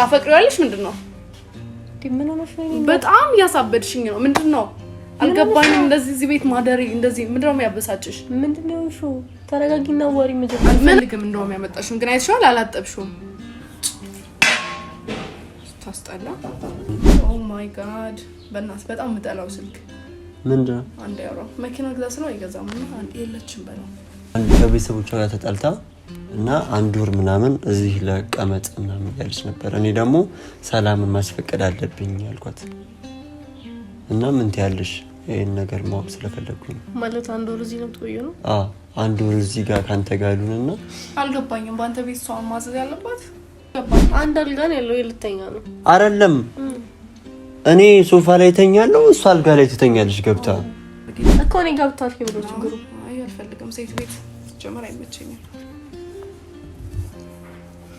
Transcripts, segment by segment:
ታፈቅሪዋለሽ? ምንድን ነው በጣም እያሳበድሽኝ ነው። ምንድን ነው አልገባኝም። እንደዚህ እዚህ ቤት ማደሪ እንደዚህ ምንድን ነው ያበሳጭሽ? ምንድን ነው እሹ፣ ተረጋጊና ወሪ መጀመር ምን ልግም እንደውም ያመጣሽው ግን አይተሽዋል። አላጠብሽውም። ታስጠላ። ኦ ማይ ጋድ! በእናትህ በጣም የምጠላው ስልክ ምንድን ነው። አንድ ያውራ መኪና ግዛ ስለው አይገዛም። አንድ የለችም በለው ከቤተሰቦቿ ጋር ተጣልታ እና አንድ ወር ምናምን እዚህ ለቀመጥ ምናምን እያለች ነበር። እኔ ደግሞ ሰላምን ማስፈቀድ አለብኝ ያልኳት እና ምን ትያለሽ? ይህን ነገር ማወቅ ስለፈለግኩኝ ነው። ማለት አንድ ወር እዚህ ነው የምትቆየው ነው? አንድ ወር እዚህ ጋር ከአንተ ጋር ሉን እና አልገባኝም። በአንተ ቤት ሰዋን ማዘዝ ያለባት አንድ አልጋ ነው ያለው የልተኛ ነው አይደለም። እኔ ሶፋ ላይ ተኛለሁ፣ እሱ አልጋ ላይ ትተኛለች። ገብታ እኮ እኔ ገብታ ፊብሮ ችግሩ አልፈልግም። ሴት ቤት ጀመር አይመቸኝም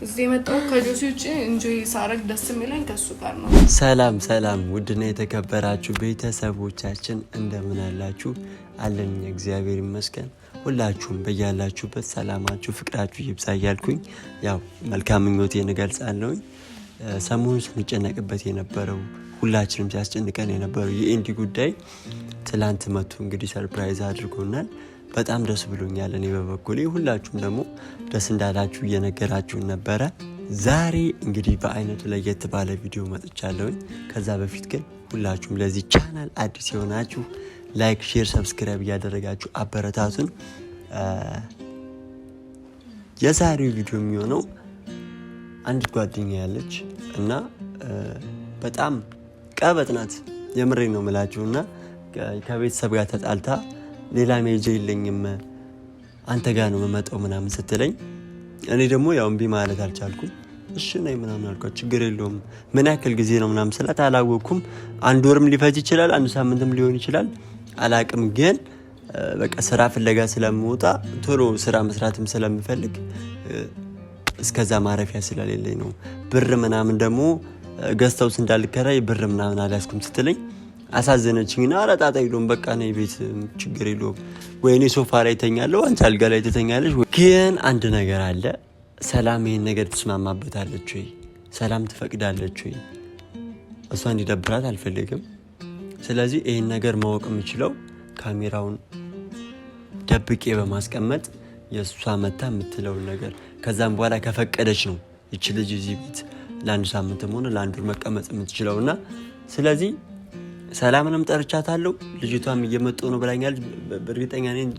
እዚህ ከጆሲ ውጭ ሳረግ ደስ የሚለኝ ከሱ ጋር ነው። ሰላም ሰላም፣ ውድና የተከበራችሁ ቤተሰቦቻችን እንደምን አላችሁ? አለን እግዚአብሔር ይመስገን። ሁላችሁም በያላችሁበት ሰላማችሁ፣ ፍቅራችሁ ይብዛ እያልኩኝ ያው መልካም ምኞቴን እገልጻለሁኝ። ሰሞኑን ስንጨነቅበት የነበረው ሁላችንም ሲያስጨንቀን የነበረው የኢንዲ ጉዳይ ትላንት መቶ እንግዲህ ሰርፕራይዝ አድርጎናል። በጣም ደስ ብሎኛል። እኔ በበኩሌ ሁላችሁም ደግሞ ደስ እንዳላችሁ እየነገራችሁን ነበረ። ዛሬ እንግዲህ በአይነቱ ለየት ባለ ቪዲዮ መጥቻለሁኝ። ከዛ በፊት ግን ሁላችሁም ለዚህ ቻናል አዲስ የሆናችሁ ላይክ፣ ሼር፣ ሰብስክራይብ እያደረጋችሁ አበረታቱን። የዛሬው ቪዲዮ የሚሆነው አንድ ጓደኛ ያለች እና በጣም ቀበጥ ናት። የምሬ ነው ምላችሁ እና ከቤተሰብ ጋር ተጣልታ ሌላ መሄጃ የለኝም አንተ ጋር ነው መመጠው ምናምን ስትለኝ እኔ ደግሞ ያው እምቢ ማለት አልቻልኩም። እሺ ነይ ምናምን አልኳት። ችግር የለውም ምን ያክል ጊዜ ነው ምናምን ስላት አላወቅኩም። አንድ ወርም ሊፈጅ ይችላል፣ አንድ ሳምንትም ሊሆን ይችላል። አላቅም ግን በቃ ስራ ፍለጋ ስለምወጣ ቶሎ ስራ መስራትም ስለምፈልግ እስከዛ ማረፊያ ስለሌለኝ ነው። ብር ምናምን ደግሞ ገዝተውስ እንዳልከራይ ብር ምናምን አልያዝኩም ስትለኝ አሳዘነችኝ እና ኧረ ጣጣ የለውም በቃ ነይ ቤት ችግር የለውም ወይ እኔ ሶፋ ላይ ተኛለሁ፣ አንቺ አልጋ ላይ ትተኛለሽ። ግን አንድ ነገር አለ። ሰላም ይህን ነገር ትስማማበታለች ወይ? ሰላም ትፈቅዳለች ወይ? እሷ እንዲደብራት አልፈልግም። ስለዚህ ይህን ነገር ማወቅ የምችለው ካሜራውን ደብቄ በማስቀመጥ የእሷ መታ የምትለውን ነገር ከዛም በኋላ ከፈቀደች ነው ይች ልጅ እዚህ ቤት ለአንድ ሳምንትም ሆነ ለአንድ ወር መቀመጥ የምትችለው እና ስለዚህ ሰላምንም ጠርቻታለሁ። ልጅቷም እየመጡ ነው ብላኛለች። በእርግጠኛ ነኝ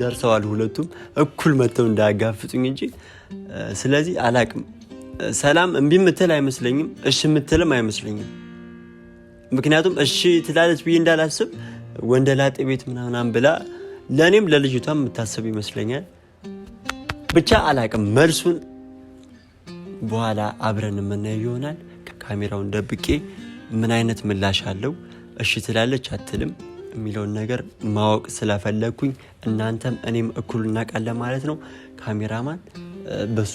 ደርሰዋል። ሁለቱም እኩል መጥተው እንዳያጋፍጡኝ እንጂ ስለዚህ አላቅም። ሰላም እምቢ አይመስለኝም፣ እሺ ምትልም አይመስለኝም። ምክንያቱም እሺ ትላለች ብዬ እንዳላስብ ወንደ ላጤ ቤት ምናምናም ብላ ለእኔም ለልጅቷም የምታስብ ይመስለኛል። ብቻ አላቅም። መልሱን በኋላ አብረን የምናየው ይሆናል። ከካሜራውን ደብቄ ምን አይነት ምላሽ አለው እሺ ትላለች አትልም የሚለውን ነገር ማወቅ ስለፈለግኩኝ እናንተም እኔም እኩል እናውቃለን ማለት ነው። ካሜራማን በሱ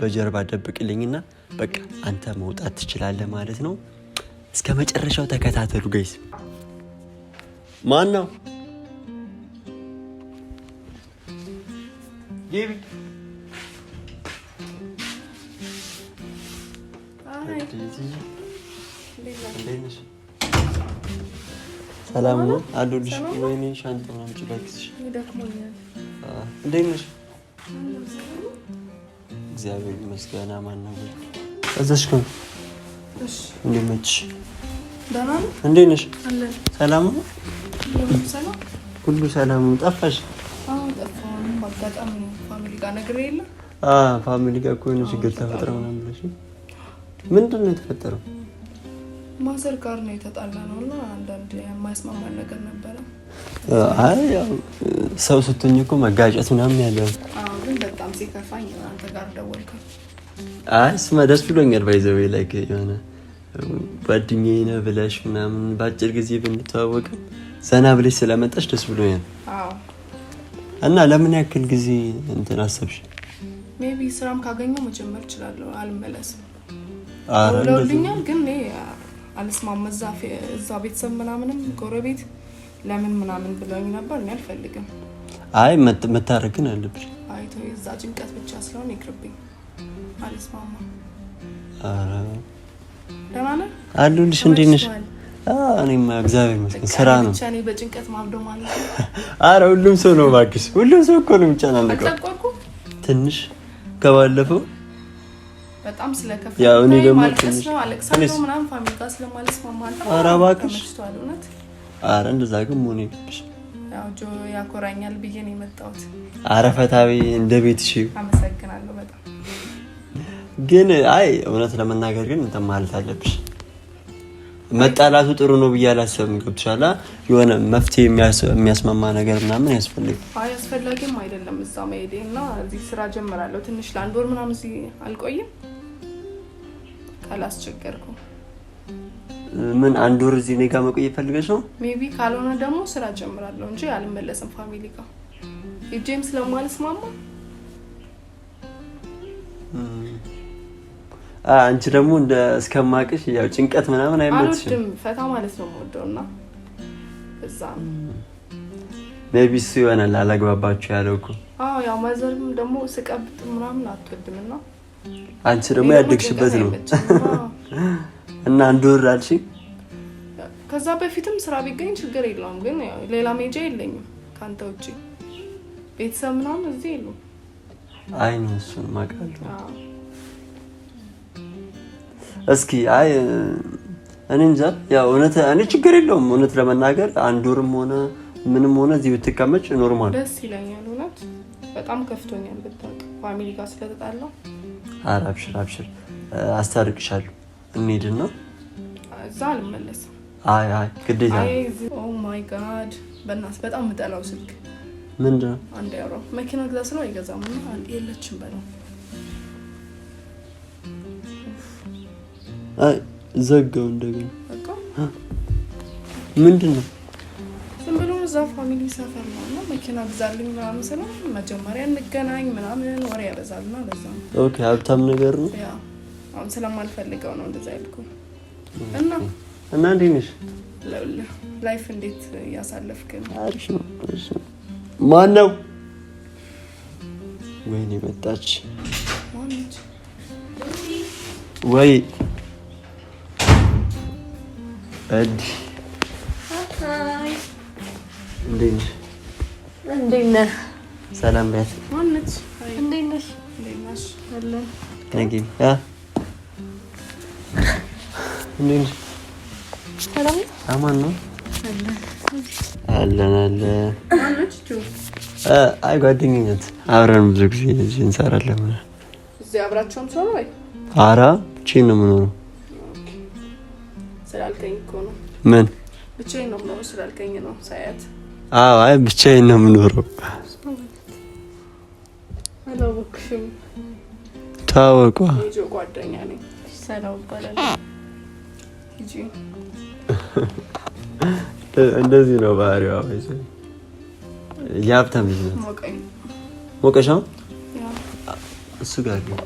በጀርባ ደብቅልኝና በቃ አንተ መውጣት ትችላለ ማለት ነው። እስከ መጨረሻው ተከታተሉ ገይስ። ማን ነው ይህ ሰላም ነው አሉልሽ። ወይኔ ሻንጣ ማምጪ እባክሽ። እንዴት ነሽ? እግዚአብሔር ይመስገን። ማን ነው እዛሽ? ኮን እንዴት ነሽ? እንዴት ነሽ? ሰላም ነው ሁሉ ሰላም ነው። ጠፋሽ? ፋሚሊ ጋር እኮ የሆነ ችግር ተፈጥረው ምናምን ብለሽ ምንድን ነው የተፈጠረው? ማሰር ጋር ነው የተጣላ ነው እና አንዳንድ የማያስማማን ነገር ነበረ። አይ ያው ሰው ስትኝ እኮ መጋጨት ምናምን ያለው ግን በጣም ሲከፋኝ አንተ ጋር ደወልከ። አይ ስማ ደስ ብሎኛል። ባይዘዌ ላይክ የሆነ ጓደኛዬ ነው ብለሽ ምናምን በአጭር ጊዜ ብንተዋወቅ ዘና ብለሽ ስለመጣሽ ደስ ብሎኛል። እና ለምን ያክል ጊዜ እንትን አሰብሽ? ቢ ስራም ካገኘው መጀመር እችላለሁ። አልመለስም። ለውልኛል ግን አልስማማ እዛ ቤተሰብ ምናምንም ጎረቤት ለምን ምናምን ብለውኝ ነበር። እኔ አልፈልግም። አይ መታረቅ ግን አይ አይቶ እዛ ጭንቀት ብቻ ስለሆነ ይቅርብኝ። አልስማማ። ደህና ነህ አሉልሽ? እንዴት ነሽ? እኔማ እግዚአብሔር ይመስገን ስራ ነው። በጭንቀት ማብዶ ማለት ነው። ሁሉም ሰው ነው እባክሽ፣ ሁሉም ሰው እኮ ነው የሚጨናነቀው ትንሽ ከባለፈው በጣም ስለከፋ እኔ ደግሞ ማልቀስ ነው አለቅሳለሁ ምናምን ፋሚሊ ጋር ስለማልስማማ እውነት። ኧረ እንደዛ ግን መሆን ያው ጆ ያኮራኛል ብዬ ነው የመጣሁት። ኧረ ፈታ ብዬ እንደ ቤትሽ። አመሰግናለሁ በጣም ግን አይ እውነት ለመናገር ግን እንትን ማለት አለብሽ። መጣላቱ ጥሩ ነው ብዬ አላሰብም። ገብቶሻል። የሆነ መፍትሄ የሚያስማማ ነገር ምናምን ያስፈልግ አስፈላጊም አይደለም። እዛ መሄዴ እና እዚህ ስራ ጀምራለሁ። ትንሽ ለአንድ ወር ምናምን እዚህ አልቆይም። አላስቸገርኩ። ምን አንድ ወር እዚህ እኔ ጋር መቆየት ፈልገሽ ነው? ሜቢ ካልሆነ ደግሞ ስራ ጀምራለሁ እንጂ አልመለስም ፋሚሊ ጋር ሂጄም ስለማልስማማ። አንቺ ደግሞ እንደ እስከማቅሽ ያው ጭንቀት ምናምን አይመችሽም። አልወድም፣ ፈታ ማለት ነው የምወደው እና እዛ ሜቢ እሱ ይሆናል አላግባባችሁ ያለው እኮ። አዎ ያው ማዘርም ደግሞ ስቀብጥ ምናምን አትወድም እና አንቺ ደግሞ ያደግሽበት ነው እና አንድ ወር አልሽ። ከዛ በፊትም ስራ ቢገኝ ችግር የለውም፣ ግን ሌላ ሜጃ የለኝም ከአንተ ውጭ ቤተሰብ ምናምን እዚህ የለውም። አይ ነው እሱን ማቃል እስኪ አይ እኔ እንጃ ያው እውነት እኔ ችግር የለውም እውነት ለመናገር አንድ ወርም ሆነ ምንም ሆነ እዚህ ብትቀመጭ ኖርማል ደስ ይለኛል። እውነት በጣም ከፍቶኛል ብታውቅ ፋሚሊ ጋር ስለተጣላው ኧረ አብሽር አብሽር አስታርቅሻለሁ ነው እዛ አልመለስም። አይ አይ ግዴታ ኦ ማይ ጋድ በእናትህ በጣም የምጠላው ስልክ ምንድን ነው? አንድ ያውራ መኪና ግዛ ስለው አይገዛም። አንድ የለችም በለው ዘጋው እንደገና ምንድን ነው እዛ ፋሚሊ ሰፈር ነው እና መኪና ብዛልኝ ምናምን ስለ መጀመሪያ እንገናኝ ምናምን ወሬ ያበዛል እና ለዛ ነው ሀብታም ነገር ነው። አሁን ስለማልፈልገው ነው እንደዛ ያልኩ እና እና እንዴት ነሽ? ላይፍ እንዴት እያሳለፍክ ነው? ማን ነው? ወይኔ መጣች። ወይ እዲ ሰላም ቤት አማን ነው አለን አይ ጓደኝነት አብረን ብዙ ጊዜ እዚህ እንሰራለን። እዚህ አብራቸውም ሰሩ ወይ አራ ብቻዬን ነው የምኖረው ስላልከኝ እኮ ነው። ምን ብቻዬን ነው የምኖረው ስላልከኝ ነው ሳያት አዎ፣ አይ ብቻዬን ነው የምኖረው። ታወቋ እንደዚህ ነው ባህሪዋ። የሀብታም ልጅ ናት። ሞቀሻ እሱ ጋር ግን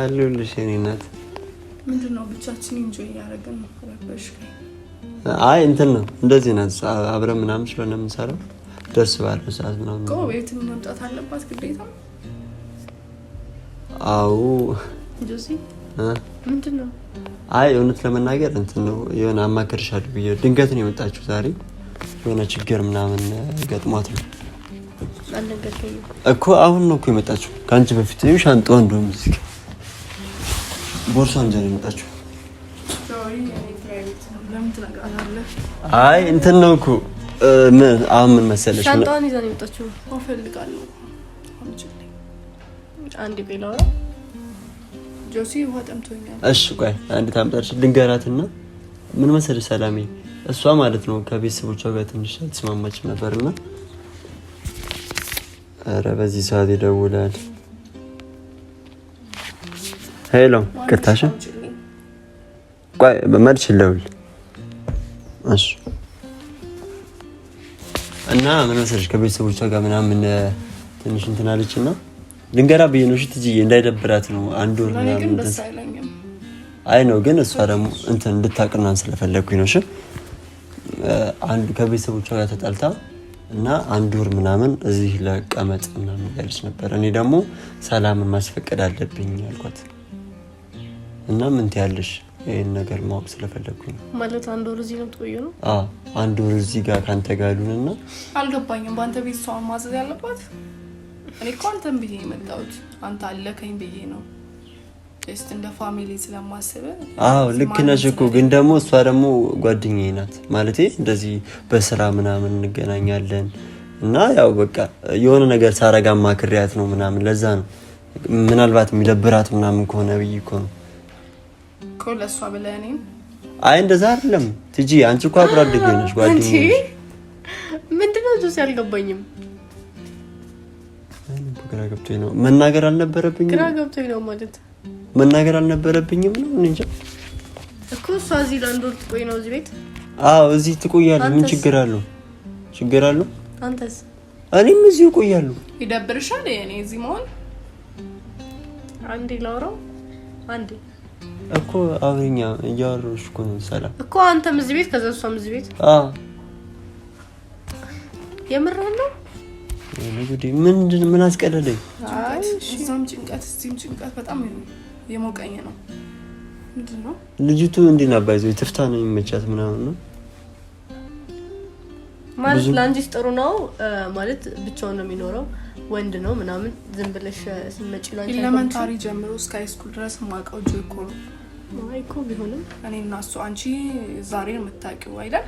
አሉልሽ የእኔ እናት ምንድነው ብቻችን አይ እንትን ነው እንደዚህ ናት። አብረን ምናምን ስለሆነ የምንሰራው ደስ ባለ ሰዓት ምናምን ቤት መምጣት አለባት ግዴታ። አዎ አይ እውነት ለመናገር እንትን ነው የሆነ ብዬ ድንገት ነው የመጣችው። ዛሬ የሆነ ችግር ምናምን ገጥሟት ነው እኮ አሁን ነው እኮ የመጣችው ከአንቺ በፊት ሻንጣ እንደውም እዚህ ቦርሳ እንጂ ነው የመጣችው። አይ እንትን ነው እኮ አሁን ምን መሰለሽ፣ ሻንጣዋን ይዛ ነው የመጣችው። እፈልጋለሁ አንድ ቤላ ጆሲ ውሃ እሺ ቆይ አንድ ታምጣሽ እና ምን መሰለሽ ሰላሜ፣ እሷ ማለት ነው ከቤተሰቦቿ ጋር ትንሽ አልተስማማችም ነበርና ኧረ በዚህ ሰዓት ይደውላል። ሄሎ ቅርታሽ ቆይ መልስ ይለውል። እሺ እና ምን መሰለሽ ከቤተሰቦቿ ጋር ምናምን ትንሽ እንትን አለች እና ልንገራ ብዬሽ ነው። እሺ ትጂዬ እንዳይደብራት ነው አንድ ወር ምናምን አይ ነው ግን እሷ ደግሞ እንትን እንድታቅናን ስለፈለግኩኝ ነው። አንድ ከቤተሰቦቿ ጋር ተጣልታ እና አንድ ወር ምናምን እዚህ ለቀመጥ ምናምን ያለች ነበር። እኔ ደግሞ ሰላምን ማስፈቀድ አለብኝ አልኳት። እና ምን ትያለሽ? ይህን ነገር ማወቅ ስለፈለግኩ ነው። ማለት አንድ ወር እዚህ ነው የምትቆየው ነው? አንድ ወር እዚህ ጋር ከአንተ ጋር ሉንና አልገባኝም። በአንተ ቤት እሷን ማዘዝ ያለባት እኔ እኮ አንተን ብዬ የመጣሁት አንተ አለከኝ ብዬ ነው ስ እንደ ፋሚሊ ስለማስብ። ልክ ነሽ እኮ ግን ደግሞ እሷ ደግሞ ጓደኛዬ ናት ማለት እንደዚህ በስራ ምናምን እንገናኛለን እና ያው በቃ የሆነ ነገር ሳረጋ ማክሪያት ነው ምናምን ለዛ ነው ምናልባት የሚደብራት ምናምን ከሆነ ብዬ እኮ ነው እኮ ለእሷ ብለህ እኔም አይ እንደዛ አይደለም ትጂ አንቺ እኮ አብራ ምንድነው አልገባኝም ግራ ገብቶኝ ነው መናገር አልነበረብኝም ግራ ገብቶኝ ነው ማለት መናገር አልነበረብኝም ነው እንጃ እኮ እሷ እዚህ ለአንድ ወር ትቆይ ነው እዚህ ቤት አዎ እዚህ ትቆያለህ ምን ችግር አለው ችግር አለው አንተስ እኔም እዚሁ እቆያለሁ ይደብርሻል እኔ እዚህ መሆን አንዴ ላውራው አንዴ እኮ አብረኛ እያወራሁሽ እኮ ነው። ሰላም እኮ አንተም እዚህ ቤት ከዛ እሷም እዚህ ቤት። አዎ የምርህን ነው። ምንድን ምን አስቀደደኝ? እዛም ጭንቀት እዚህም ጭንቀት በጣም የሞቀኝ ነው። ምንድን ነው ልጅቱ እንዲህ ናባይዘ ትፍታ ነው የሚመቻት ምናምን ነው ማለት ለአንቺስ ጥሩ ነው ማለት ብቻውን ነው የሚኖረው ወንድ ነው ምናምን ዝም ብለሽ ስትመጪ ኤሌመንታሪ ጀምሮ እስከ ሃይስኩል ድረስ ማውቀው ጆይ እኮ ነው። እኮ ቢሆንም እኔ እና እሱ አንቺ ዛሬ ነው የምታውቂው አይደል?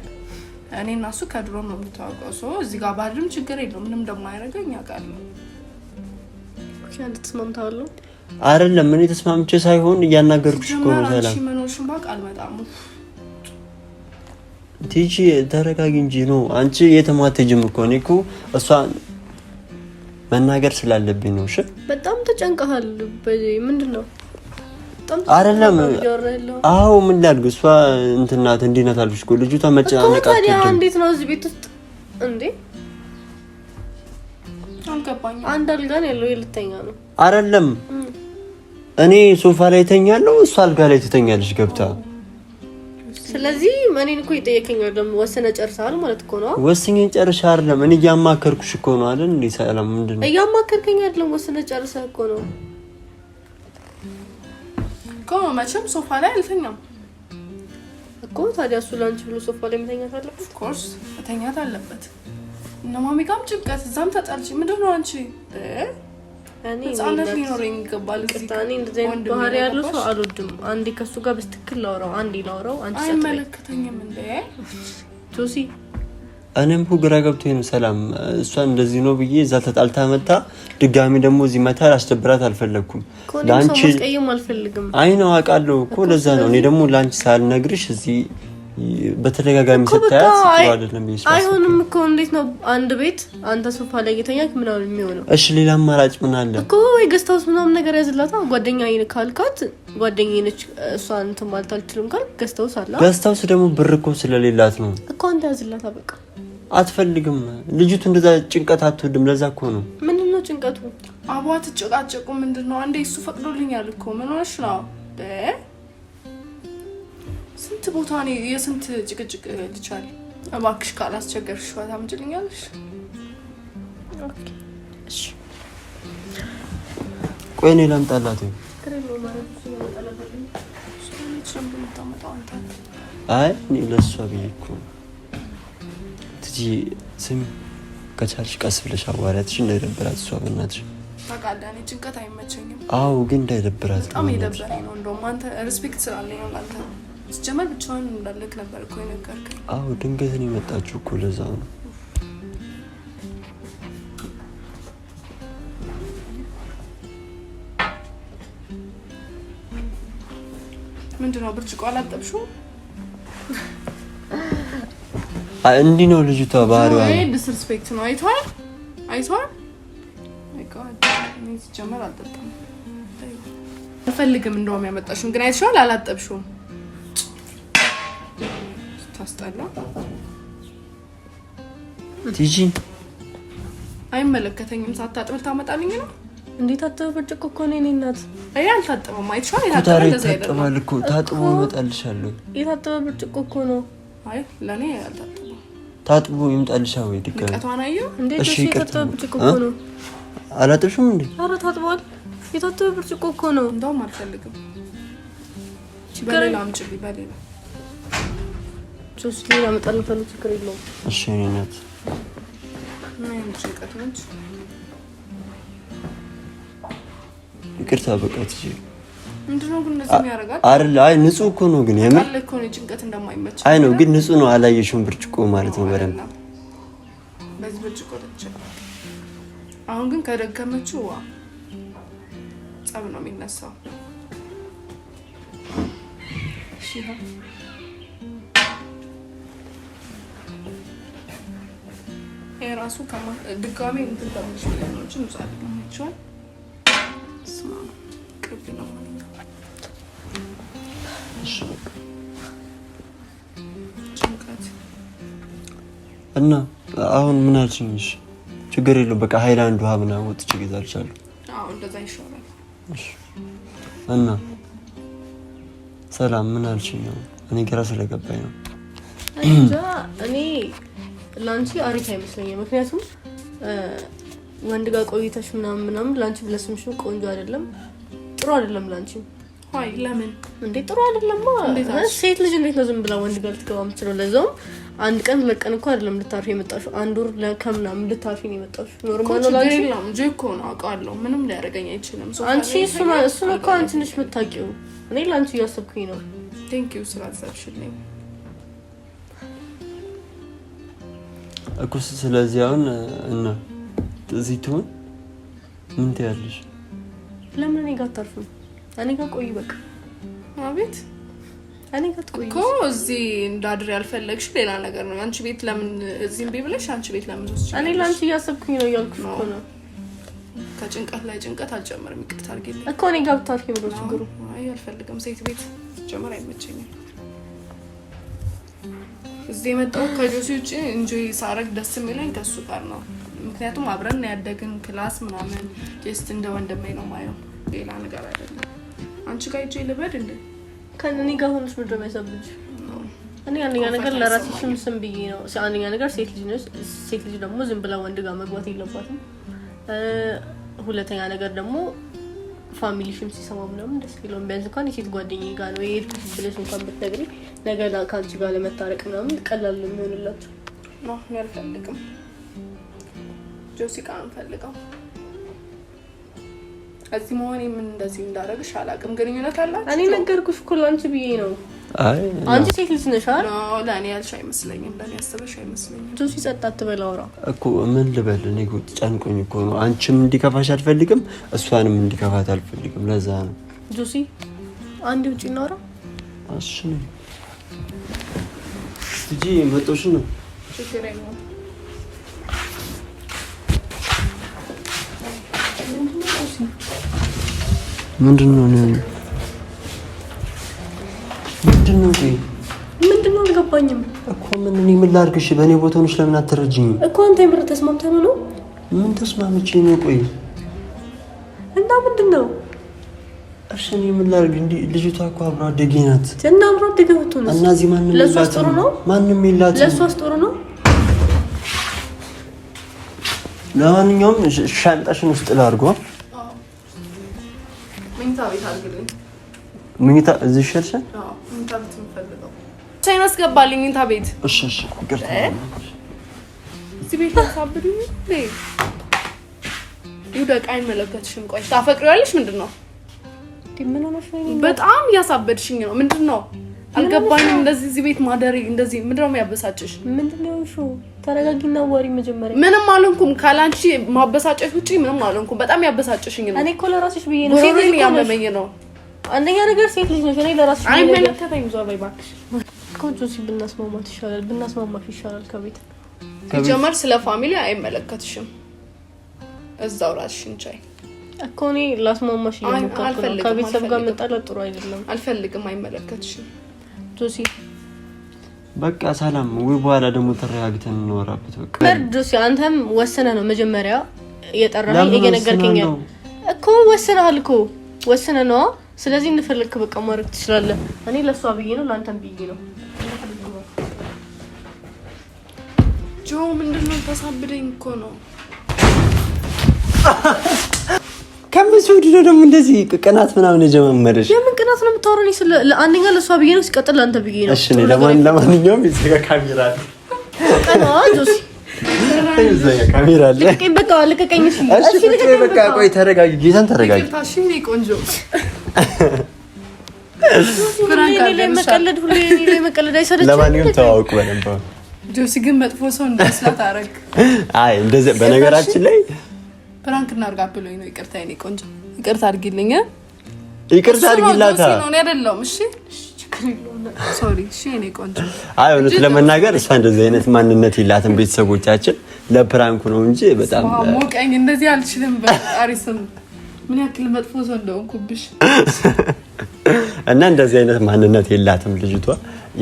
እኔ እና እሱ ከድሮ ነው የምታውቀው። ሰው እዚህ ጋር ባድርም ችግር የለውም ምንም እንደማያደርገኝ አውቃለሁ። ተስማምታለሁ አይደለም? እኔ ተስማምቼ ሳይሆን እያናገርኩሽ እኮ ነው። ሰላም መኖርሽን ባውቅ አልመጣም። ቲጂ ተረጋጊ እንጂ ነው አንቺ የተማተጅም እኮ እኔ እኮ እሷ መናገር ስላለብኝ ነው። እሺ በጣም ተጨንቀሃል። ምንድን ነው አይደለም አዎ፣ ምን ላድርግ? እሷ እንትን ናት እንዲህ ናት አልኩሽ እኮ ልጅቷ መጨናነቅ አትችልም። እንዴት ነው እዚህ ቤት ውስጥ እንዴ? አልገባኝም። አንድ አልጋ ነው ያለው፣ የልተኛ ነው አይደለም? እኔ ሶፋ ላይ ተኛለሁ፣ እሷ አልጋ ላይ ትተኛለች ገብታ። ስለዚህ እኔን እኮ ይጠየቀኛል ደግሞ። ወስነ ጨርሰሃል ማለት እኮ ነው። ወስኜ ጨርሻ አይደለም፣ እኔ እያማከርኩሽ እኮ ነው አይደል? እንዴ ሰላም፣ ምንድን ነው እያማከርከኝ? አይደለም ወስነ ጨርሰህ እኮ ነው እኮ መቼም ሶፋ ላይ አልተኛም እኮ። ታዲያ እሱ ለአንቺ ብሎ ሶፋ ላይ መተኛት አለበት? ኮርስ መተኛት አለበት። እነ ማሚ ጋርም ጭንቀት፣ እዛም ተጣልች። ምንድን ነው አንቺ? ህጻነት ሊኖረኝ የሚገባል። ቅርታኔ እንደዚህ አይነት ባህሪ ያለው ሰው አልወድም። አንዴ ከእሱ ጋር በስትክል ላውራው፣ አንዴ ላውራው። አንቺ አይመለከተኝም እንደ ቶሲ እኔም እኮ ግራ ይህም ሰላም እሷ እንደዚህ ነው ብዬ እዛ ተጣልታ መታ ድጋሚ ደግሞ እዚህ መታ ላስደብራት አልፈለግኩም። ለአንቺ አይ ነው አውቃለሁ እኮ ለዛ ነው እኔ ደግሞ ለአንቺ ሳልነግርሽ እዚህ በተደጋጋሚ ስታያት አይደለም። አይሆንም እኮ እንዴት ነው አንድ ቤት አንተ ሶፋ ላይ ጌተኛ ምናምን የሚሆነው? እሺ ሌላ አማራጭ ምን አለ እኮ ወይ ገስታውስ ሃውስ ምናምን ነገር ያዝላታ። ጓደኛ ካልካት ጓደኛ ነች እሷ እንትን ማለት አልችልም ካል ገስታውስ አለ። ገስታውስ ደግሞ ብር እኮ ስለሌላት ነው እኮ አንተ ያዝላታ በቃ አትፈልግም። ልጅቱ እንደዛ ጭንቀት አትወድም። ለዛ እኮ ነው። ምንድን ነው ጭንቀቱ? አቧ ትጨቃጨቁ ምንድን ነው? አንዴ እሱ ፈቅዶልኛል እኮ ምን ሆነሽ ነው? ስንት ቦታ የስንት ጭቅጭቅ ልቻል። እባክሽ ካላስቸገርሽ ታምጪልኛለሽ? ቆይ እኔ ላምጣላት። አይ እኔ ለእሷ ብዬሽ እኮ እስቲ ስሚ፣ ከቻልሽ ቀስ ብለሽ አዋሪያትሽ እንዳይደብራት እሷ በእናትሽ ታውቃለህ፣ እኔ ጭንቀት አይመቸኝም። አዎ ግን እንዳይደብራት በጣም የደበረኝ ነው። እንደውም አንተ ሪስፔክት ስላለኝ ነው ላንተ ስጀመር ብቻውን እንዳለክ ነበር እኮ የነገርከኝ። አዎ ድንገት ነው የመጣችሁ እኮ ለዛ ነው። ምንድነው ብርጭቆ አላጠብሽውም? እንዲህ ነው ልጅቷ ባህሪዋ። ዲስሪስፔክት ነው። አይቷል አይቷል። ሲጀመር አልጠጣም አልፈልግም። እንደውም ያመጣሽው ግን አይተሽዋል። አላጠብሽውም። ታስጠላ ቲጂ አይመለከተኝም። ሳታጥብ ታመጣልኝ ነው እንዴት? አጥበ ብርጭቆ እኮ ነው የእኔ እናት። አይ አልታጠበም። አይተሽዋል። የታጠበ እንደዚህ አይደለም። ታጥቦ ይመጣልሻል። የታጠበ ብርጭቆ እኮ ነው። አይ ለእኔ አልታጠበም ታጥቦ ይምጣልሽ። ወይ እሺ፣ ይቅርታ አላጥብሽም እንዴ? አረ ታጥቧል። የታጠበ ብርጭቆ እኮ ነው። እንደውም አልፈልግም። ችግር የለውም። ይቅርታ በቃ አይደለ? አይ ንጹህ እኮ ነው፣ ግን የምር አይ ነው፣ ግን ንጹህ ነው። አላየሽውም? ብርጭቆ ማለት ነው በደንብ በዚህ ብርጭቆ አሁን ግን ከደከመችው ጸብ ነው የሚነሳው። የራሱ ድጋሚ እንትን ነው ድጋሜ ምትል ነው እና አሁን ምን አልሽኝ? ችግር የለው በቃ ሀይላንድ ውሃ ምናምን ወጥቼ እገዛልሻለሁ። እና ሰላም ምን አልሽኝ? ነው እኔ ግራ ስለገባኝ ነው። እኔ ለአንቺ አሪፍ አይመስለኝም። ምክንያቱም ወንድ ጋር ቆይተሽ ምናምን ምናምን ለአንቺ ብለስምሽ ቆንጆ አይደለም፣ ጥሩ አይደለም ለአንቺ ለምን እንዴ ጥሩ አይደለም። ሴት ልጅ እንዴት ነው ዝም ብላ ወንድ ጋር ልትገባ የምትችለው? ለዛውም አንድ ቀን ሁለት ቀን እኮ አይደለም ልታርፊ የመጣሽው፣ አንድ ወር ከምናምን ልታርፊ ነው የመጣሽው። ኖርማል ምንም ሊያደርገኝ አይችልም። አንቺ እሱን እኮ አንቺ ነሽ የምታውቂው። እኔ ለአንቺ እያሰብኩኝ ነው። ቴንክ ዩ ስላሰብሽልኝ እኮ። ስለዚህ አሁን እና እዚህ ትሆን ምን ትያለሽ? ለምን እኔ ጋር አታርፍም? እኔ ጋር ቆይ በቃ። አቤት እኔ ከትቆይ እዚህ እንዳድር ያልፈለግሽ ሌላ ነገር ነው። አንቺ ቤት ለምን እዚህ እምቢ አንቺ ቤት ለምን ወስጂ? እኔ ለአንቺ እያሰብኩኝ ነው እያልኩሽ ነው። ከጭንቀት ላይ ጭንቀት አልጨምርም። ይቅርታ አድርጊልኝ እኮ እኔ ገብታል ብሎ ችግሩ አይ አልፈልግም። ሴት ቤት ጨምር አይመቸኝም። እዚህ የመጣሁት ከጆሲ ውጭ እንጂ ሳረግ ደስ የሚለኝ ከሱ ጋር ነው። ምክንያቱም አብረን ያደግን ክላስ ምናምን ጀስት እንደ ወንድሜ ነው ማየው፣ ሌላ ነገር አይደለም። አንቺ ጋር ሂጅ ልበድ እንደ ከእኔ ጋር ሆነሽ ምንድን ነው የሚያሳብጅ? አንደኛ ነገር ለራሴሽም ስም ብዬ ነው። አንደኛ ነገር ሴት ልጅ ነች። ሴት ልጅ ደግሞ ዝም ብላ ወንድ ጋር መግባት የለባትም። ሁለተኛ ነገር ደግሞ ፋሚሊሽም ሲሰማ ምናምን ደስ ይለውም። ቢያንስ እንኳን የሴት ጓደኛዬ ጋር ነው የሄድኩት ብለሽ እንኳን ብትነግሪኝ ነገር ከአንቺ ጋር ለመታረቅ ምናምን ቀላል ነው የሚሆንላቸው። አልፈልግም ጆሲ ጋር አንፈልገው እዚህ መሆኔ ምን እንደዚህ እንዳደረግሽ አላውቅም። ግንኙነት አላችሁ? እኔ ነገርኩሽ እኮ ለአንቺ ብዬ ነው። አንቺ ሴት ልጅ ነሽ አይደል? ለእኔ ያልሽ አይመስለኝም። እንደኔ ያስበሽ አይመስለኝም። ጆሲ ጸጥ አትበል። አውራ እኮ ምን ልበል? እኔ ጨንቆኝ እኮ ነው። አንቺም እንዲከፋሽ አልፈልግም፣ እሷንም እንዲከፋት አልፈልግም። ለዛ ነው ጆሲ፣ አንድ ውጭ እናውራ። እሺ ቲጂ መጦሽ ነው ምንድን ነው ምንድን ነው አልገባኝም እኮ ምን እኔ ምን ላድርግሽ? በእኔ ቦታ ሆነሽ ለምን አትረጅኝም? እኮ አንተ የምር ተስማምተን ነው? ምን ተስማምቼ ነው? ቆይ እና ምንድን ነው? እሺ እኔ ምን ላድርግ? እንዲህ ልጅቷ እኮ አብሮ አደጌ ናት እና አብሮ አደጌ እና እዚህ ማንም ለእሷስ ጥሩ ነው? ማንም የላትም ለእሷስ ጥሩ ነው። ለማንኛውም ሻንጣሽን ውስጥ ላድርገው ምኝታ እዚህ ይሻልሻል። ሻይን አስገባልኝ ምኝታ ቤት። እሺ እሺ፣ ይቅርታ ቤት ይውደቅ አይመለከትሽም። ቆይ ታፈቅሪዋለሽ? ምንድን ነው በጣም እያሳበድሽኝ ነው። ምንድን ነው አልገባኝም። እንደዚህ እዚህ ቤት ማደሪ እንደዚህ ምንድነው የሚያበሳጭሽ? ምንድነው እሹ? ተረጋጊና ወሪ መጀመሪያ። ምንም አልሆንኩም። ካላንቺ ማበሳጨሽ ውጪ ምንም አልሆንኩም። በጣም ያበሳጭሽኝ ነው። እኔ እኮ ለራስሽ ብዬ ነው። ሴት ልጅ ያመመኝ ነው። አንደኛ ነገር ሴት ልጅ ነሽ። እኔ ለራስሽ አይ ምን ከታይም ዞር በይ እባክሽ። ኮንጆሲ ብናስማማት ይሻላል። ብናስማማሽ ይሻላል። ከቤት ሲጀመር ስለ ፋሚሊ አይመለከትሽም። እዛው ራስሽን ቻይ እኮ እኔ ላስማማሽ እየሞከርኩ ነው። ከቤተሰብ ጋር መጣላት ጥሩ አይደለም። አልፈልግም። አይመለከትሽም ጆሲ በቃ ሰላም ወይ፣ በኋላ ደግሞ ተረጋግተን እንወራበት። በቃ ጆሲ አንተም ወሰነ ነው መጀመሪያ የጠራኸኝ እየነገርከኝ እኮ ወስነሃል እኮ ወሰነ ነው። ስለዚህ እንፈልግ በቃ ማድረግ ትችላለህ። እኔ ለእሷ ብዬ ነው ለአንተም ብዬ ነው። ጆ ምንድነው? ተሳብደኝ እኮ ነው ከመቼ ወዲህ ነው ደግሞ እንደዚህ ቅናት ምናምን የጀመመረሽ? የምን ቅናት ነው የምታወራው? አንደኛ ለእሷ ብዬ ነው፣ ሲቀጥል ለአንተ ብዬ ነው። እሺ ለማን ለማንኛውም የዘጋ ካሜራ አለ። ካሜራ አለ። በቃ ልቀቀኝ። እሺ በቃ ቆይ ተረጋጊ፣ ጌታን ተረጋጊ። ቆንጆ ለማንኛውም ተዋወቁ በደንብ ጆሲ ግን መጥፎ ሰው እንዳስላት አረግ። አይ በነገራችን ላይ ፕራንክ እናርጋ ብሎኝ ነው። ይቅርታ የኔ ቆንጆ ይቅርታ አድርጊልኝ። ይቅርታ አድርጊላታ አይደለም። እሺ አይ እውነት ለመናገር እሷ እንደዚህ አይነት ማንነት የላትም። ቤተሰቦቻችን ለፕራንኩ ነው እንጂ በጣም ሞቀኝ። እንደዚህ አልችልም። በጣሪ ምን ያክል መጥፎ ሰው እንደሆንኩብሽ እና እንደዚህ አይነት ማንነት የላትም ልጅቷ።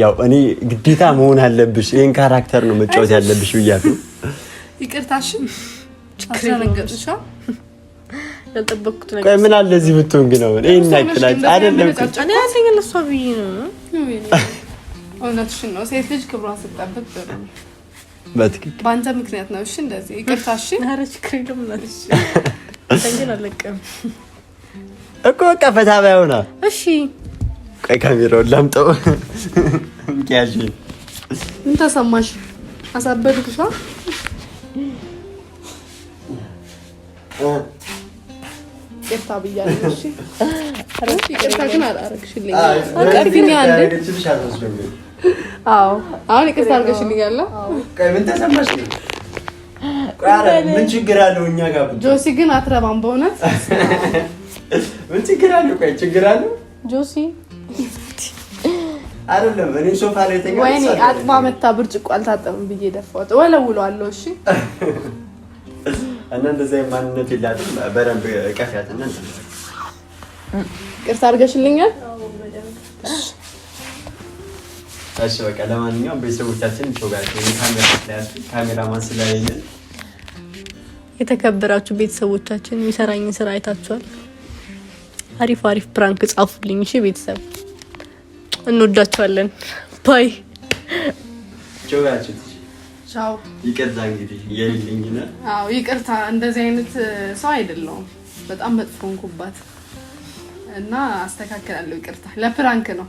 ያው እኔ ግዴታ መሆን አለብሽ፣ ይህን ካራክተር ነው መጫወት ያለብሽ ብያት ነው። ይቅርታሽን ምን አለ እዚህ ብትሆን ግን አሁን ይሄን አይደለም። እኔ ነው። እውነትሽን ነው። ሴት ልጅ በትክክል በአንተ ምክንያት ነው። እሺ እንደዚህ ይቅርታ። እሺ ኧረ ችግር የለም እኮ በቃ ፈታ ባይሆና። እሺ ቆይ ካሜራውን ላምጠው። ምን ተሰማሽ? አሳበድኩሻ ቅርታ ብያለሁ። እሺ ቅርታ ግን አላረግሽልኝ። አቀርግኝ አሁን ይቅርታ አድርገሽልኛል። ምን ተሰማሽ? ምን ችግር አለው? እኛ ጋር ጆሲ ግን አትረባም። በእውነት ምን ችግር አለው? ቆይ ችግር አለው ጆሲ አይደለም እኔ ሶፋ ላይ ተኛ። ወይኔ አጥባ መታ ብርጭቆ አልታጠብም ብዬ ደፋሁት። ወለውለዋለሁ። እሺ እና እንደዛ ማንነት የላትም። በደንብ ቀፊያት እና ቅርስ አድርገሽልኛል። እሺ በቃ ለማንኛውም ቤተሰቦቻችን ካሜራማን ስለሌለን የተከበራችሁ ቤተሰቦቻችን የሚሰራኝን ስራ አይታችኋል። አሪፍ አሪፍ ፕራንክ ጻፉልኝ። እሺ ቤተሰብ እንወዳችኋለን። ባይ ቻው። ይቅርታ እንግዲህ የልኝ ነው። አዎ ይቅርታ፣ እንደዚህ አይነት ሰው አይደለውም። በጣም መጥፎንኩባት እና አስተካክላለሁ። ይቅርታ፣ ለፕራንክ ነው።